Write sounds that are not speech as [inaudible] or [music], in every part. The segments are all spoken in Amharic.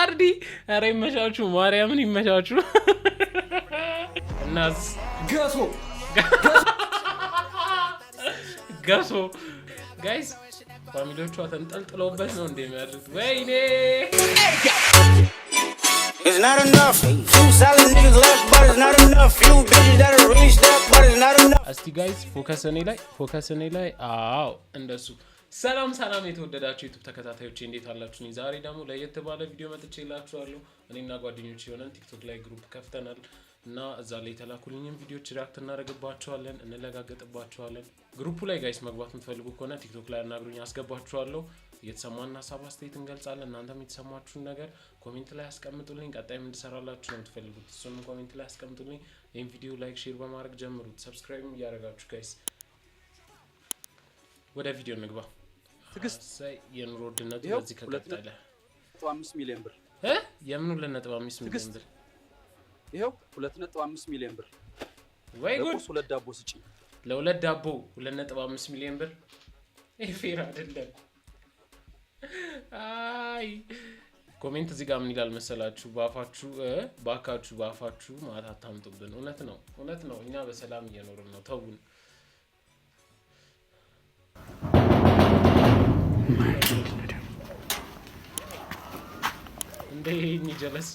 አርዲ ኧረ ይመሻችሁ፣ ማርያምን ይመሻችሁ። እናስ ገሶ ገሶ ጋይስ ፋሚሊዎቿ ተንጠልጥለውበት ነው እንደሚያደርጉት። ወይኔ it's not enough. Two solid niggas left, but it's not enough. Few bitches that are really stuck, but it's not enough. እስቲ ጋይስ ፎከስ እኔ ላይ ፎከስ እኔ ላይ አዎ፣ እንደሱ ሰላም ሰላም፣ የተወደዳችሁ ዩቱብ ተከታታዮች እንዴት አላችሁ? ዛሬ ደግሞ ለየት ባለ ቪዲዮ መጥቼ እላችኋለሁ። እኔና ጓደኞች የሆነን ቲክቶክ ላይ ግሩፕ ከፍተናል። እና እዛ ላይ የተላኩልኝም ቪዲዮዎች ሪያክት እናደርግባቸዋለን፣ እንለጋገጥባቸዋለን። ግሩፑ ላይ ጋይስ መግባት የምትፈልጉ ከሆነ ቲክቶክ ላይ አናግሩኝ፣ አስገባችኋለሁ። እየተሰማን ሀሳብ አስተያየት እንገልጻለን። እናንተም የተሰማችሁን ነገር ኮሜንት ላይ ያስቀምጡልኝ። ቀጣይም እንድሰራላችሁ ነው የምትፈልጉት፣ እሱንም ኮሜንት ላይ ያስቀምጡልኝ። ይህም ቪዲዮ ላይክ፣ ሼር በማድረግ ጀምሩት። ሰብስክራይብ እያደረጋችሁ ጋይስ ወደ ቪዲዮ እንግባ። ትግስት የኑሮ ውድነቱ በዚህ ከቀጠለ አምስት ሚሊዮን ብር የምኑ ሁለት ነጥብ አምስት ሚሊዮን ብር ይኸው 2.5 ሚሊዮን ብር ወይ ጉድ! ሁለት ዳቦ ስጪ። ለሁለት ዳቦ 2.5 ሚሊዮን ብር ፌር አይደለም። አይ ኮሜንት እዚህ ጋር ምን ይላል መሰላችሁ? ባፋችሁ ባካችሁ፣ በአፋችሁ ማታ አታምጡብን። እውነት ነው፣ እውነት ነው። እኛ በሰላም እየኖርን ነው። ተውን። እንደ ይሄ ጀለስ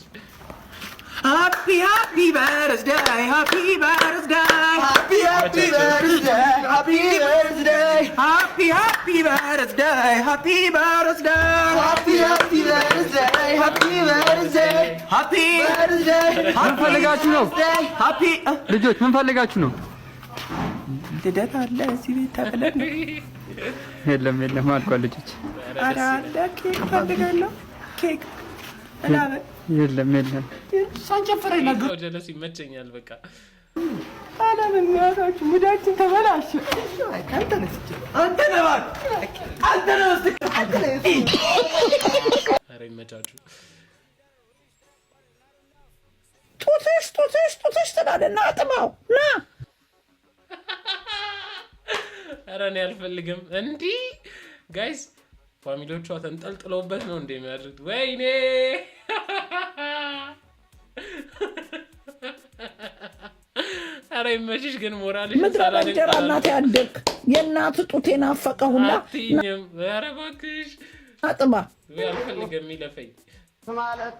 Happy happy birthday, happy birthday. Happy happy birthday, happy birthday. Happy happy birthday, happy birthday. Happy happy birthday, happy birthday. Happy birthday. ምን ፈልጋችሁ ነው? happy ልጆች ምን ፈልጋችሁ ነው? ልደት አለ እዚህ ቤት ተብለን የለም የለም አልኳ ልጆች። ኧረ አለ ኬክ ፈልጋለሁ ኬክ ምናምን የለም የለም፣ ሳንጨፈረ ነገር ጀለስ ይመቸኛል። በቃ አለም እናታችሁ ሙዳችን ተበላሽ። ኧረ ይመቻችሁ። ጡትሽ ጡትሽ ጡትሽ ና ጥማው ና። ኧረ እኔ አልፈልግም እንዲህ ጋይስ ፋሚሊዎቿ ተንጠልጥለውበት ነው እንደሚያድርጉት። ወይኔ ኧረ ይመችሽ ግን ሞራልሽ ምድረ በንጀራ እናት ያደግ የእናት ጡት የናፈቀ ሁላ አጥባ አልፈልግም ይለፈኝ ማለት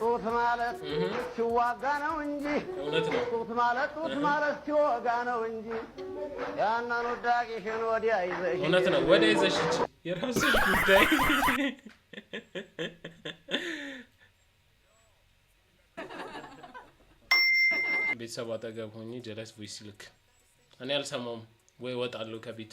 ጡት ማለት ሲዋጋ ነው እንጂ ጡት ማለት ጡት ማለት ሲወጋ ነው እንጂ ያናኑ ዳቂሽን ወዲያ ይዘሽ እውነት ነው ወዲያ ይዘሽ የራስሽ ጉዳይ ቤተሰብ አጠገብ ሆኜ ጀለስ ቮይስ ልክ እኔ አልሰማውም ወይ እወጣለሁ ከቤት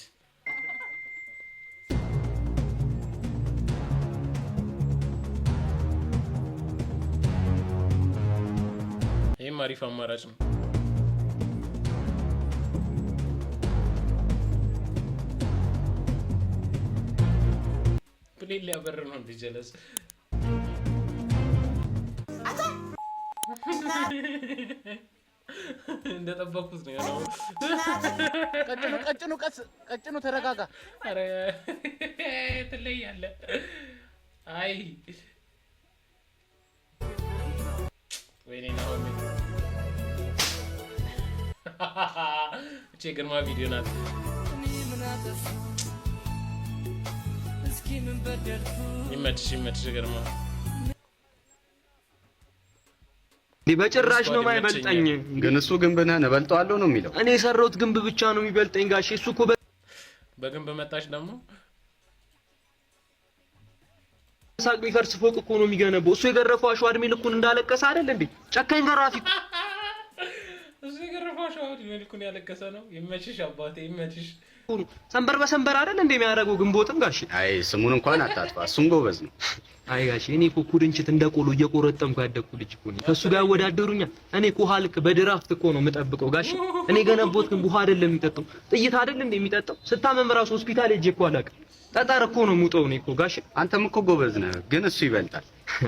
በጣም አሪፍ አማራጭ ነው። ፕሌን ሊያበር ነው እንዲጀለስ እንደጠበኩት ነው ያለው። ቀጭኑ ቀጭኑ ቀስ ቀጭኑ ተረጋጋ። አረ ትለያለህ። አይ ወይኔ ነው እቺ ግርማ ቪዲዮ ናት። ይመችሽ ይመችሽ ግርማ። በጭራሽ ነው የማይበልጠኝ። ግን እሱ ግንብ ነህ እበልጠዋለሁ ነው የሚለው። እኔ የሰራሁት ግንብ ብቻ ነው የሚበልጠኝ ጋሼ። እሱ እኮ በግንብ መጣች ደግሞ ሳቅ ቢፈርስ ፎቅ እኮ ነው የሚገነባው። እሱ የገረፈው አሸዋ እድሜ ልኩን እንዳለቀሰ አይደል እንዴ? ጨካኝ ገራፊ እዚህ ግርፋሽ አሁን መልኩን ያለቀሰ ነው። ይመችሽ አባቴ ይመችሽ። ሰንበር በሰንበር አይደል እንደ የሚያደርገው ግንቦትም ጋሽ። አይ ስሙን እንኳን አታጥፋ፣ እሱም ጎበዝ ነው። አይ ጋሽ እኔ እኮ ኩድንችት እንደ ቆሎ እየቆረጠምኩ ያደግኩ ልጅ እኮ ነኝ። ከእሱ ጋር ያወዳደሩኛል። እኔ እኮ ሀልክ በድራፍት እኮ ነው የምጠብቀው ጋሽ። እኔ ገነቦት ግን ውሃ አይደለም የሚጠጣው ጥይት አይደል እንደ የሚጠጣው። ስታመም እራሱ ሆስፒታል ሄጄ እኮ አላውቅም። ጠጠር እኮ ነው የምውጠው እኔ እኮ ጋሽ። አንተም እኮ ጎበዝ ነህ፣ ግን እሱ ይበልጣል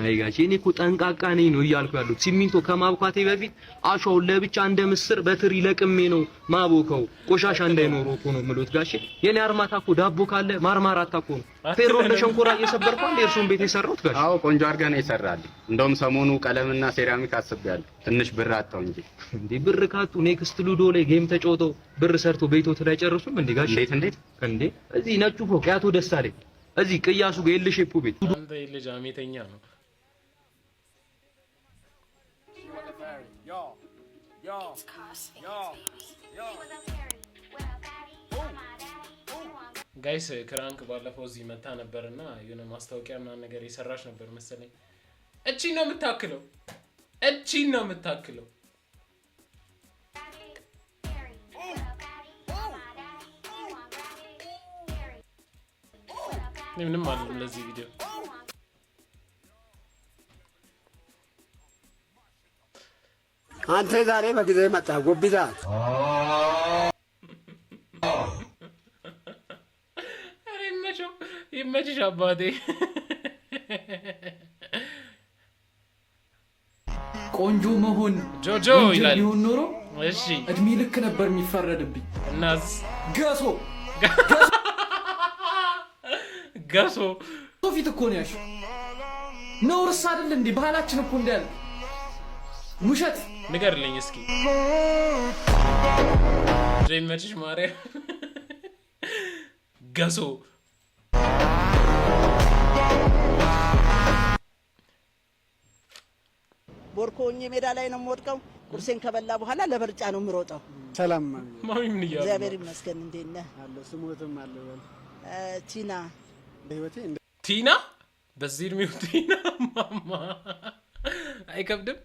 አይ ጋሼ እኔ እኮ ጠንቃቃ ነኝ ነው እያልኩ ያሉት። ሲሚንቶ ከማብኳቴ በፊት አሸዋውን ለብቻ እንደ ምስር በትሪ ለቅሜ ነው ማቦከው። ቆሻሻ እንዳይኖር እኮ ነው የምሎት ጋሽ። የኔ አርማታ እኮ ዳቦ ካለ ማርማራት እኮ ነው። ፌሮ ለሸንኮራ እየሰበርኩ አንዴ እርሱን ቤት የሰራሁት ጋሽ። አዎ ቆንጆ አድርገህ ነው የሰራልኝ። እንደውም ሰሞኑ ቀለምና ሴራሚክ አስቤያለሁ። ትንሽ ብር አጣው እንጂ እንዴ ብር ካጡ ኔክስት ሉዶ ላይ ጌም ተጫውተው ብር ሰርቶ ቤቶት ላይ ጨርሱም እንዴ ጋሼ። እንዴት እንዴት እንዴ እዚህ ነጩ ፎቅ ያቶ ደስታ ላይ እዚህ ቅያሱ ጋር የለሽ ሼፑ ቤት አንተ የለሽ አሜተኛ ነው። ጋይስ ክራንክ ባለፈው እዚህ መታ ነበርና የሆነ ማስታወቂያ ምናምን ነገር የሰራች ነበር መሰለኝ። እቺ ነው የምታክለው፣ እቺ ነው የምታክለው ምንም አለ ለዚህ ቪዲዮ አንተ ዛሬ በጊዜ መጣ ጎብዛ ይመችሽ አባቴ። ቆንጆ መሆን ጆጆ ይላል ቢሆን ኖሮ እሺ፣ እድሜ ልክ ነበር የሚፈረድብኝ ገሶ ገሶ [laughs] ጋሶ ሶፊት እኮ ነው ያሽ ነውርስ አይደል እንዴ? ባህላችን እኮ እንዳለ ውሸት ንገርልኝ እስኪ ይመችሽ ማርያም ጋሶ ቦርኮ ሆኜ ሜዳ ላይ ነው የምወድቀው። ቁርሴን ከበላ በኋላ ለበርጫ ነው የምሮጠው። ሰላም ማሚ፣ ምን እያሉ እግዚአብሔር ይመስገን። እንዴት ነህ? አለሁ ስሞትም አለሁ ቲና ቲና በዚህ እድሜው ቲና ማማ አይከብድም።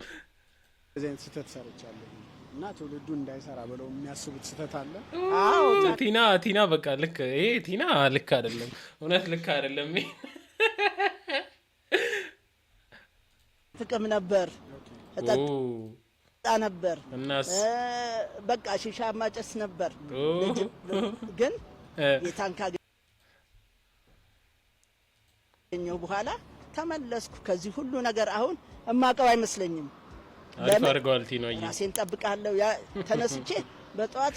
እዚህ አይነት ስህተት ሰርቻለሁ እና ትውልዱ እንዳይሰራ ብለው የሚያስቡት ስህተት አለ። ቲና ቲና በቃ ልክ ይሄ ቲና ልክ አይደለም፣ እውነት ልክ አይደለም። ጥቅም ነበር እጠጣ ነበር፣ በቃ ሺሻ ማጨስ ነበር ግን የታንካ ኘው በኋላ ተመለስኩ። ከዚህ ሁሉ ነገር አሁን እማቀው አይመስለኝም። ራሴን ጠብቃለሁ። ተነስቼ በጠዋት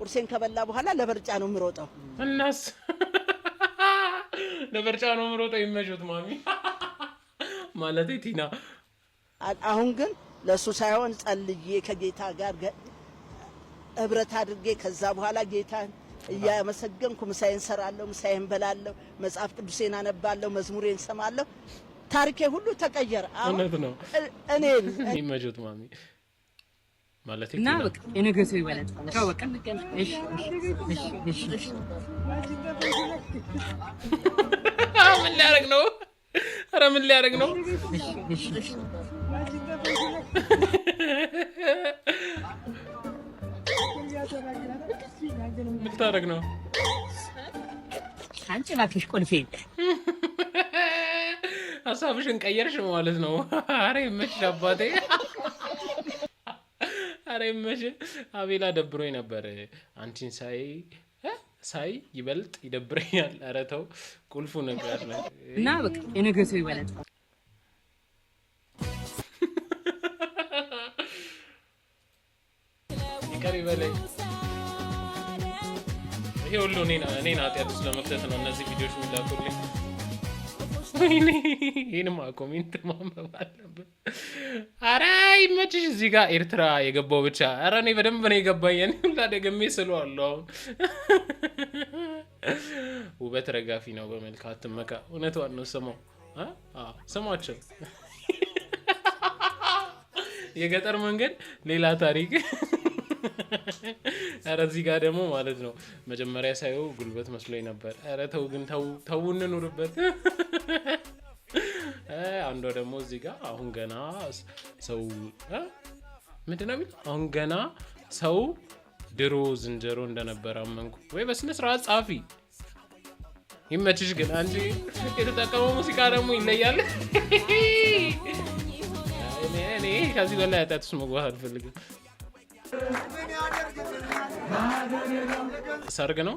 ቁርሴን ከበላ በኋላ ለበርጫ ነው የምሮጠው። እናስ [laughs] ለበርጫ ነው የምሮጠው። ይመሹት ማሚ [laughs] ማለት ቲና። አሁን ግን ለእሱ ሳይሆን ጸልዬ ከጌታ ጋር እብረት አድርጌ ከዛ በኋላ ጌታን እያመሰገንኩ ምሳዬን እንሰራለሁ፣ ምሳዬን በላለሁ፣ መጽሐፍ ቅዱሴን አነባለሁ፣ መዝሙሬን እንሰማለሁ። ታሪኬ ሁሉ ተቀየረ። እውነት ነው። እኔ ይመጆት ማሚ ማለት እና በቃ የነገቱ ይበላል። ምን ሊያደርግ ነው? ኧረ ምን ሊያደርግ ነው? ምን ታደርግ ነው? አንቺ እባክሽ ቁልፌ ሀሳብሽን ቀየርሽ ማለት ነው። አረ ይመሽ አባቴ፣ አረ ይመሽ አቤላ። ደብሮኝ ነበር አንቺን ሳይ ሳይ ይበልጥ ይደብረኛል። አረ ተው፣ ቁልፉ ነገር ነው እና በቃ የነገቱ ይበለጥ ይቀር ይበለ ይሄ ሁሉ እኔን ኃጢአት ውስጥ ለመክተት ነው እነዚህ ቪዲዮዎች የሚላኩልኝ። ይህንማ ኮሜንት ማንበብ አለብን። ኧረ ይመችሽ። እዚህ ጋር ኤርትራ የገባው ብቻ ኧረ እኔ በደንብ ነው የገባኝ። እኔ ሁላ ደግሜ ውበት ረጋፊ ነው፣ በመልክ አትመካ። እውነቷን ነው። ስማው ስማቸው የገጠር መንገድ ሌላ ታሪክ [laughs] ኧረ እዚህ ጋር ደግሞ ማለት ነው መጀመሪያ ሳየው ጉልበት መስሎኝ ነበር። ኧረ ተው ግን ተው ተው እንኑርበት። [laughs] አንዷ ደግሞ እዚህ ጋር አሁን ገና ሰው ምንድን ነው የሚለው? አሁን ገና ሰው ድሮ ዝንጀሮ እንደነበረ አመንኩ። ወይ በስነ ስርዓት ጻፊ ይመችሽ። ግን አንቺ የተጠቀመው ሙዚቃ ደግሞ ይለያል። [laughs] እኔ ከዚህ በላይ አጣጥስ መግባት አልፈልግም። ሰርግ ነው።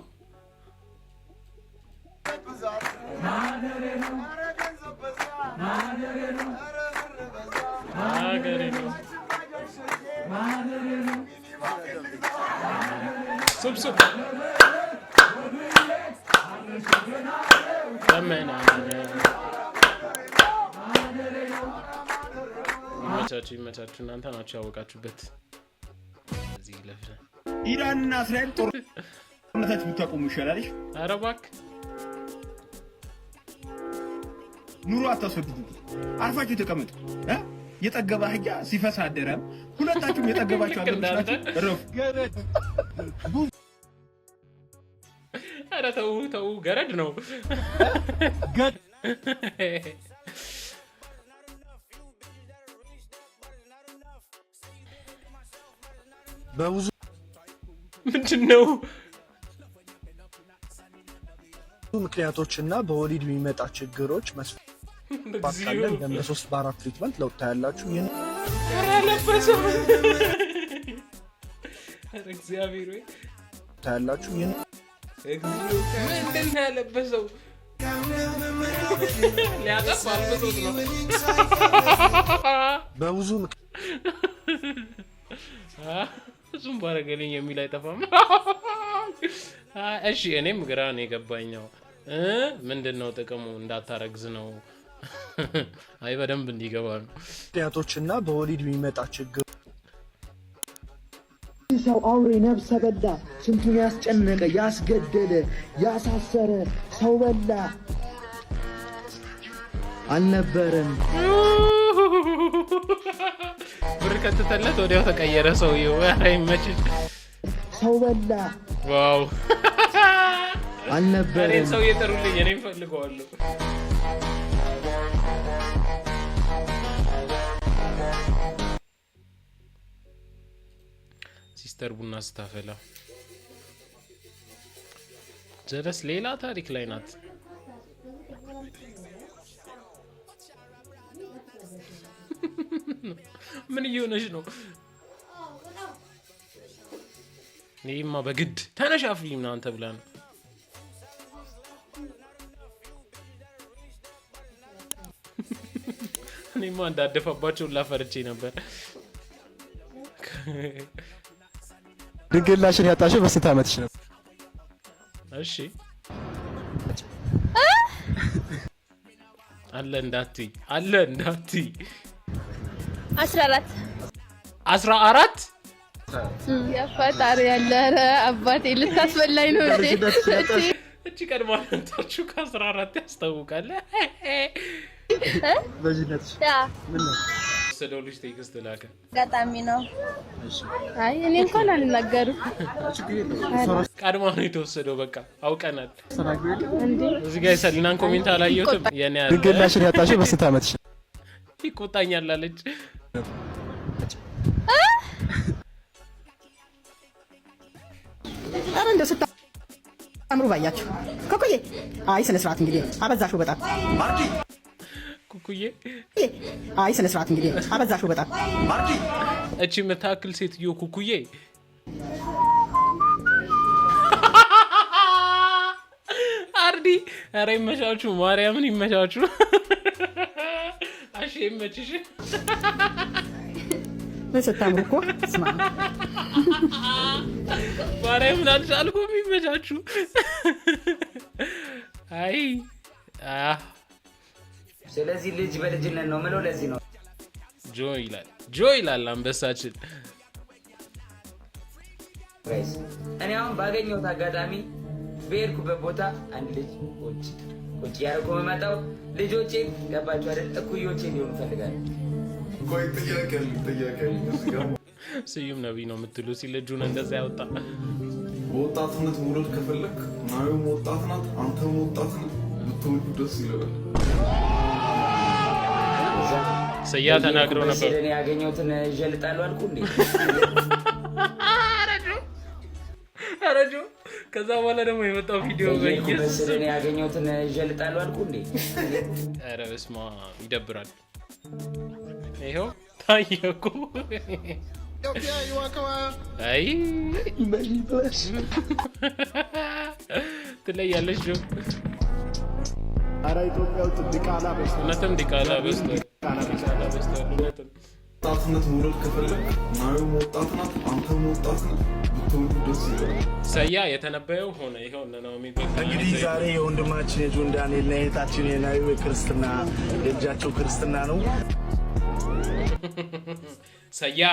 ይመቻችሁ፣ ይመቻችሁ። እናንተ ናችሁ ያወቃችሁበት። ኢራንና እስራኤል ጦርነታችሁ ብታቆሙ ይሻላል። ኧረ እባክህ ኑሮ አታስወድዱ። አርፋችሁ ተቀመጡ። የጠገባ አህያ ሲፈሳ አደረም ሁለታችሁም የጠገባችሁ ረፉ። ኧረ ተው ተው፣ ገረድ ነው። [laughs] በብዙ ምንድን ነው ምክንያቶች እና በወሊድ የሚመጣ ችግሮች መስፋት እንደ ሶስት በአራት ትሪትመንት ለውጥ ታያላችሁ። ያለበሰው በብዙ ፍጹም ባረገልኝ የሚል አይጠፋም። እሺ እኔም ግራ ነው የገባኛው። ምንድን ነው ጥቅሙ? እንዳታረግዝ ነው። አይ በደንብ እንዲገባ ነው። ምክንያቶች እና በወሊድ የሚመጣ ችግር ሰው አውሬ ነብሰ በላ ስንቱን ያስጨነቀ ያስገደለ ያሳሰረ ሰው በላ አልነበረም። ብር ቀጥተለት ወዲያው ተቀየረ ሰውዬው። አይመችም። ሰው በላ። ዋው አልነበረ። እኔን ሰውዬ ጥሩልኝ፣ እኔ እፈልገዋለሁ። ሲስተር ቡና ስታፈላ ጀረስ ሌላ ታሪክ ላይ ናት። ምን እየሆነች ነው? ይህማ በግድ ተነሻፍሪ እናንተ ብላ ነው። እኔማ እንዳደፋባቸው ላፈርቼ ነበር። ድንግላሽን ያጣሽው በስንት ዓመትሽ ነው? እሺ አለ እንዳትይ አለ እንዳትይ 14 አራት ያፋታሪ ያለ አባቴ ልታስበላኝ ነው እንዴ? እቺ ቀድማ ነታችሁ ከ ያስታውቃል። ወሰደው ልጅ ቴክስት ላከ። አጋጣሚ ነው። አይ እኔ እንኳን አልናገርም። ነው የተወሰደው። በቃ አውቀናል። እዚህ ኮሜንት አላየሁትም። ይቆጣኛል አለች። ኧረ እንደው ስታምሩ ባያችሁ። ኩኩዬ አይ ስነ ስርዓት እንግዲህ አበዛሽው በጣም ኩኩዬ አይ ስነ ስርዓት እንግዲህ አበዛሽው በጣም እቺ የምታክል ሴትዮ ኩኩዬ አርዲ ኧረ ይመሻችሁ፣ ማርያምን ይመሻችሁ። ይመችሽ። በስታምርኮ ማርያም ላልሽ አልኩም ይመቻችሁ። አይ ስለዚህ ልጅ በልጅነት ነው ምለው። ለዚህ ነው ጆ ይላል ጆ ይላል አንበሳችን። እኔ አሁን ባገኘሁት አጋጣሚ በሄድኩበት ቦታ አንድ ልጅ ቁጭ ቁጭ ያደረኩ የምመጣው ልጆቼን ገባችሁ አይደል? እኩዮቼን ሊሆኑ እፈልጋለሁ። ስዩም ነቢይ ነው የምትሉ ሲል እጁን እንደዛ ያወጣ በወጣትነት መውለድ ከፈለክ ናዩም ወጣት ናት፣ አንተም ወጣት ነ ብትወዱ ደስ ይለበል። ስያ ተናግረው ነበር ያገኘሁትን ጀልጣሉ አልኩ እንዴ [laughs] ረጁ ከዛ በኋላ ደግሞ የመጣው ቪዲዮ በስርን ያገኘሁትን ጀልጣሉ አልኩ እንዴ! ኧረ በስመ አብ ይደብራል። ይኸው ታየኩ። ትለያለች። ኢትዮጵያ ውስጥ ዲቃላ በዝቷል። እውነትም ዲቃላ እውነትም ወጣትነት መውረድ ከፈለግ ናየው ወጣት አንተም ወጣት ነው። ሰያ የተነበየው ሆነ ይኸው ነናሚ እንግዲህ ዛሬ የወንድማችን የጆን ዳንኤል ና የእህታችን የናዩ ክርስትና የእጃቸው ክርስትና ነው። ሰያ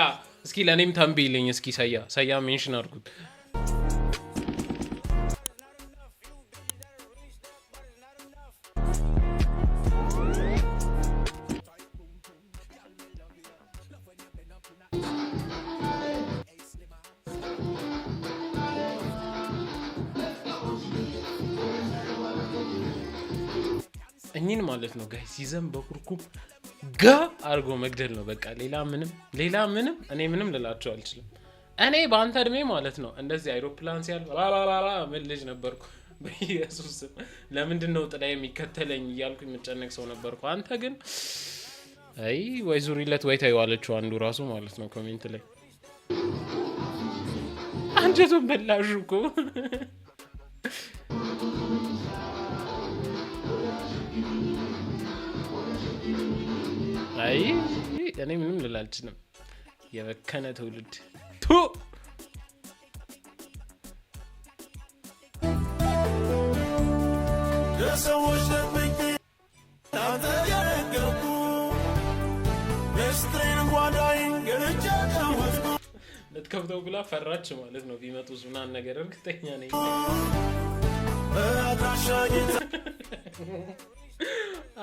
እስኪ ለእኔም ተንብይልኝ እስኪ ሰያ ሰያ ሜንሽን አድርጉት። እኚህን ማለት ነው ጋይ ሲዘን በኩርኩም ጋ አድርጎ መግደል ነው በቃ። ሌላ ምንም ሌላ ምንም እኔ ምንም ልላቸው አልችልም። እኔ በአንተ እድሜ ማለት ነው እንደዚህ አይሮፕላን ሲያል ላላላ ምን ልጅ ነበርኩ። በኢየሱስ ለምንድን ነው ጥላ የሚከተለኝ እያልኩ የምጨነቅ ሰው ነበርኩ። አንተ ግን አይ ወይ ዙሪለት ወይ ተይዋለችው አንዱ ራሱ ማለት ነው ኮሜንት ላይ አንጀቱን በላሹ እኮ እኔ ምንም ልል አልችልም። የበከነ ትውልድ ቱ ሰዎች ልትከብተው ብላ ፈራች ማለት ነው። ቢመጡ ምናምን ነገር እርግጠኛ ነኝ።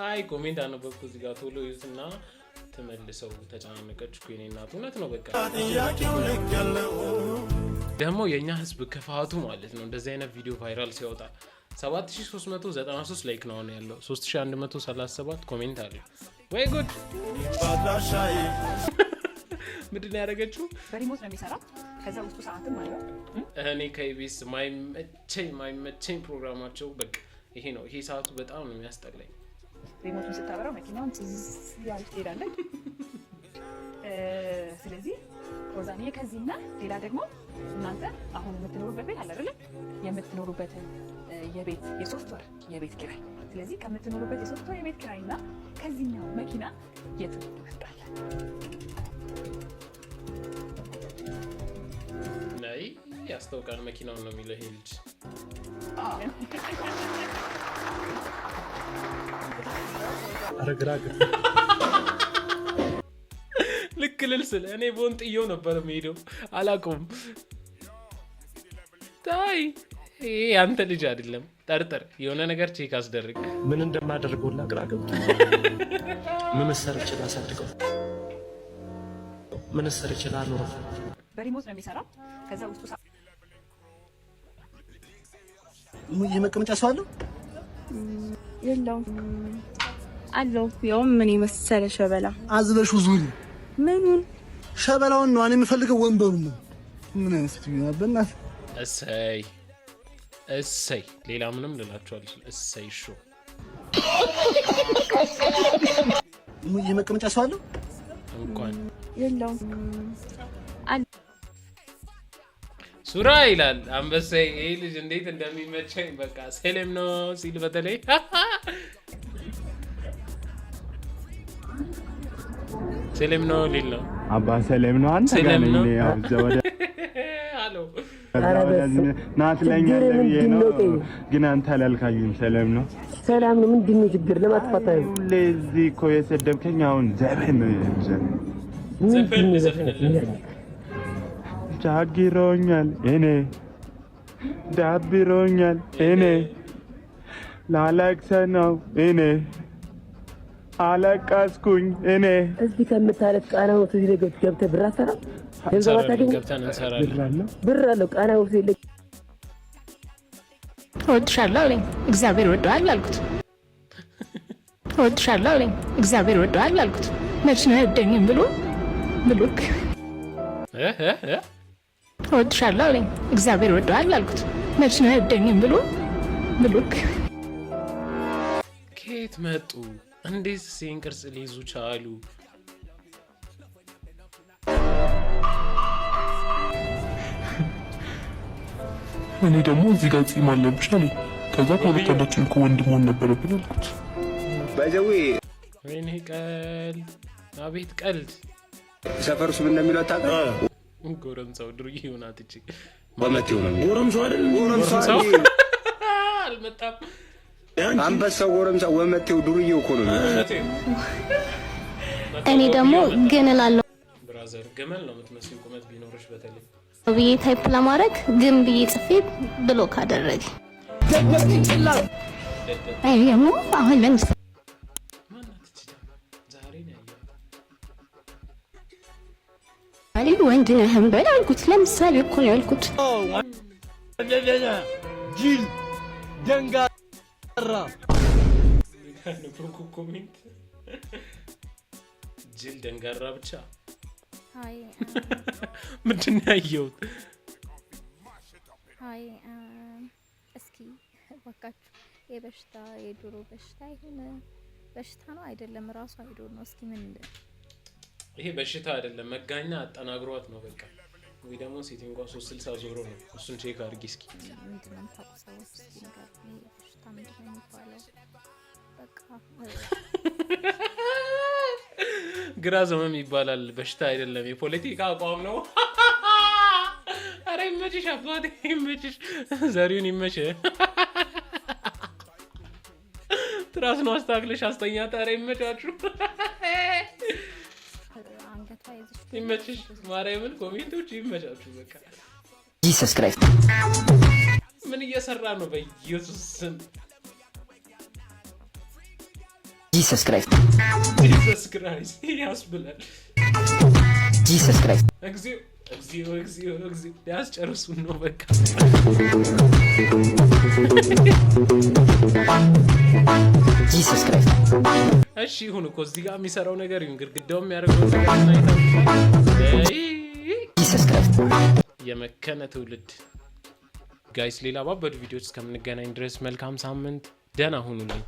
አይ ኮሜንት አነበብኩ እዚህ ጋር ቶሎ ዩዝ እና ተመልሰው ተጨናነቀች ኩኔ እናት። እውነት ነው በቃ ደግሞ የእኛ ህዝብ ክፋቱ ማለት ነው እንደዚህ አይነት ቪዲዮ ቫይራል ሲያወጣ 7393 ላይክ ነው ያለው፣ 3137 ኮሜንት አለ። ወይ ጉድ! [laughs] ምንድን ነው ያደረገችው? በሪሞት ነው የሚሰራ ከዛ ውስጡ ሰዓትም አለ። እኔ ከኢቢኤስ ማይመቸኝ ማይመቸኝ ፕሮግራማቸው በቃ ይሄ ነው። ይሄ ሰዓቱ በጣም ነው የሚያስጠላኝ። ሪሞቱን ስታበራው መኪናውን ትዝ ትሄዳለች። [laughs] ስለዚህ ሮዛኔ ከዚህና ሌላ ደግሞ እናንተ አሁን የምትኖሩበት ቤት አለ አይደለም የምትኖሩበትን የቤት የሶስት ወር የቤት ኪራይ ስለዚህ ከምትኖሩበት የሶስት ወር የቤት ኪራይና ከዚህኛው መኪና የት ትመርጣለህ? ናይ ያስታውቃል። መኪናውን ነው የሚለው ይሄ ልጅ ልክ ልል ስል እኔ ቦን ጥየው ነበር የምሄደው። አላውቀውም። ታይ ይሄ ያንተ ልጅ አይደለም። ጠርጥር፣ የሆነ ነገር ቼክ አስደርግ። ምን እንደማደርገው ግራ ገብቶ ምን ሰር ይችላል ምን ሰር ይችላል በሪሞት ነው የሚሰራው። ከዛ ውስጡ የመቀመጫ ሰው አለው የለውም አለው ያውም ምን የመሰለ ሸበላ አዝለሽ ዙሪ። ምኑን ሸበላውን ነው የምፈልገው፣ ወንበሩን ነው። ምን አይነት በእናትህ እሰይ እሰይ፣ ሌላ ምንም ልላችሁ አልችልም። እሰይ ሾ የመቀመጫ ሰው አለው እንኳን የለውም ሱራ ይላል አንበሳ። ይሄ ልጅ እንዴት እንደሚመቸኝ በቃ ሴሌም ነው ሲል በተለይ [laughs] ሴሌም ነው ሊል ነው። አባ ሴሌም ነው አንተ ጋር ነው ግን አንተ አላልካኝም። ሰላም ነው ሰላም ነው ምንድን ነው ችግር? ለማጥፋት ሁሌ እዚህ እኮ የሰደብከኝ አሁን ዘፈን ነው ጃግሮኛል እኔ ዳብሮኛል እኔ ላለቅሰ ነው እኔ አለቀስኩኝ እኔ እዚህ ከምታለት ቃና ሆቴል ገብተህ ብር አሰራ ገንዘብ አታገኝም። ብር አለው ቃና ሆቴል እወድሻለሁ አለኝ እግዚአብሔር ወደዋል አልኩት። እወድሻለሁ አለኝ እግዚአብሔር ወደዋል አልኩት። መች ነው አይወደኝም ብሎ ብሎክ እወድሻለሁ አለኝ። እግዚአብሔር ወደዋል አልኩት። መች ነው አይወደኝም ብሎ ብሎክ። ከየት መጡ? እንዴት ይህን ቅርጽ ሊይዙ ቻሉ? እኔ ደግሞ እዚህ ጋር ጺም አለብሽ አለኝ። ከዛ ከሁለታችን እኮ ወንድ መሆን ነበረብን አልኩት። ወይኔ ቀልድ፣ አቤት ቀልድ ሰፈር እሱ ምን እንደሚለው ጎረምሳው ዱርዬ ሆናት እቺ ማለት ይሆናል። ጎረምሳው ጎረምሳው አልመጣም። አንበሳው ጎረምሳው ወመቴው ዱርዬው እኮ ነው። እኔ ደግሞ ግን እላለሁ ብራዘር፣ ግመል ነው የምትመስል ቁመት ቢኖርሽ በተለይ ብዬ ታይፕ ለማድረግ ግን ብዬ ጽፌ ብሎክ አደረገ። አይ ደግሞ አሁን ለምሳሌ አሌል ወንድ ነህም በል አልኩት። ለምሳሌ እኮ ነው ያልኩት። ጅል ደንጋራ ኮሜንት ጅል ደንጋራ ብቻ [laughs] ምንድን ነው ያየሁት? እስኪ እባካችሁ የበሽታ የዶሮ በሽታ የሆነ በሽታ ነው አይደለም፣ ራሱ አይዶ ነው። እስኪ ምን ይሄ በሽታ አይደለም፣ መጋኛ አጠናግሯት ነው በቃ። ወይ ደግሞ ሴት ሶስት ስልሳ ዞሮ ነው። እሱን ቼክ አድርጊ እስኪ። ግራ ዘመም ይባላል። በሽታ አይደለም፣ የፖለቲካ አቋም ነው። [laughs] አረ ይመችሽ አባቴ፣ ይመችሽ፣ ዘሪውን ይመች። [laughs] ትራስ ነው አስተካክለሽ አስተኛ። አረ ይመቻችሁ። [laughs] ይመችሽ። ማርያምን ኮሜንቶች ይመቻችሁ። በቃ ጂሰስ ክራይስት ምን እየሰራ ነው? በኢየሱስ ስም ጂሰስ ክራይስት ጂሰስ ክራይስት ያስብላል። ጂሰስ ክራይስት እግዚኦ እግዚኦ እግዚኦ እግዚኦ ሊያስጨርሱን ነው በቃ። እሺ ይሁን እኮ እዚህ ጋር የሚሰራው ነገር ይሁን ግድግዳው የሚያደርገው የመከነ ትውልድ ጋይስ፣ ሌላ ባበዱ ቪዲዮዎች እስከምንገናኝ ድረስ መልካም ሳምንት፣ ደህና ሁኑልኝ።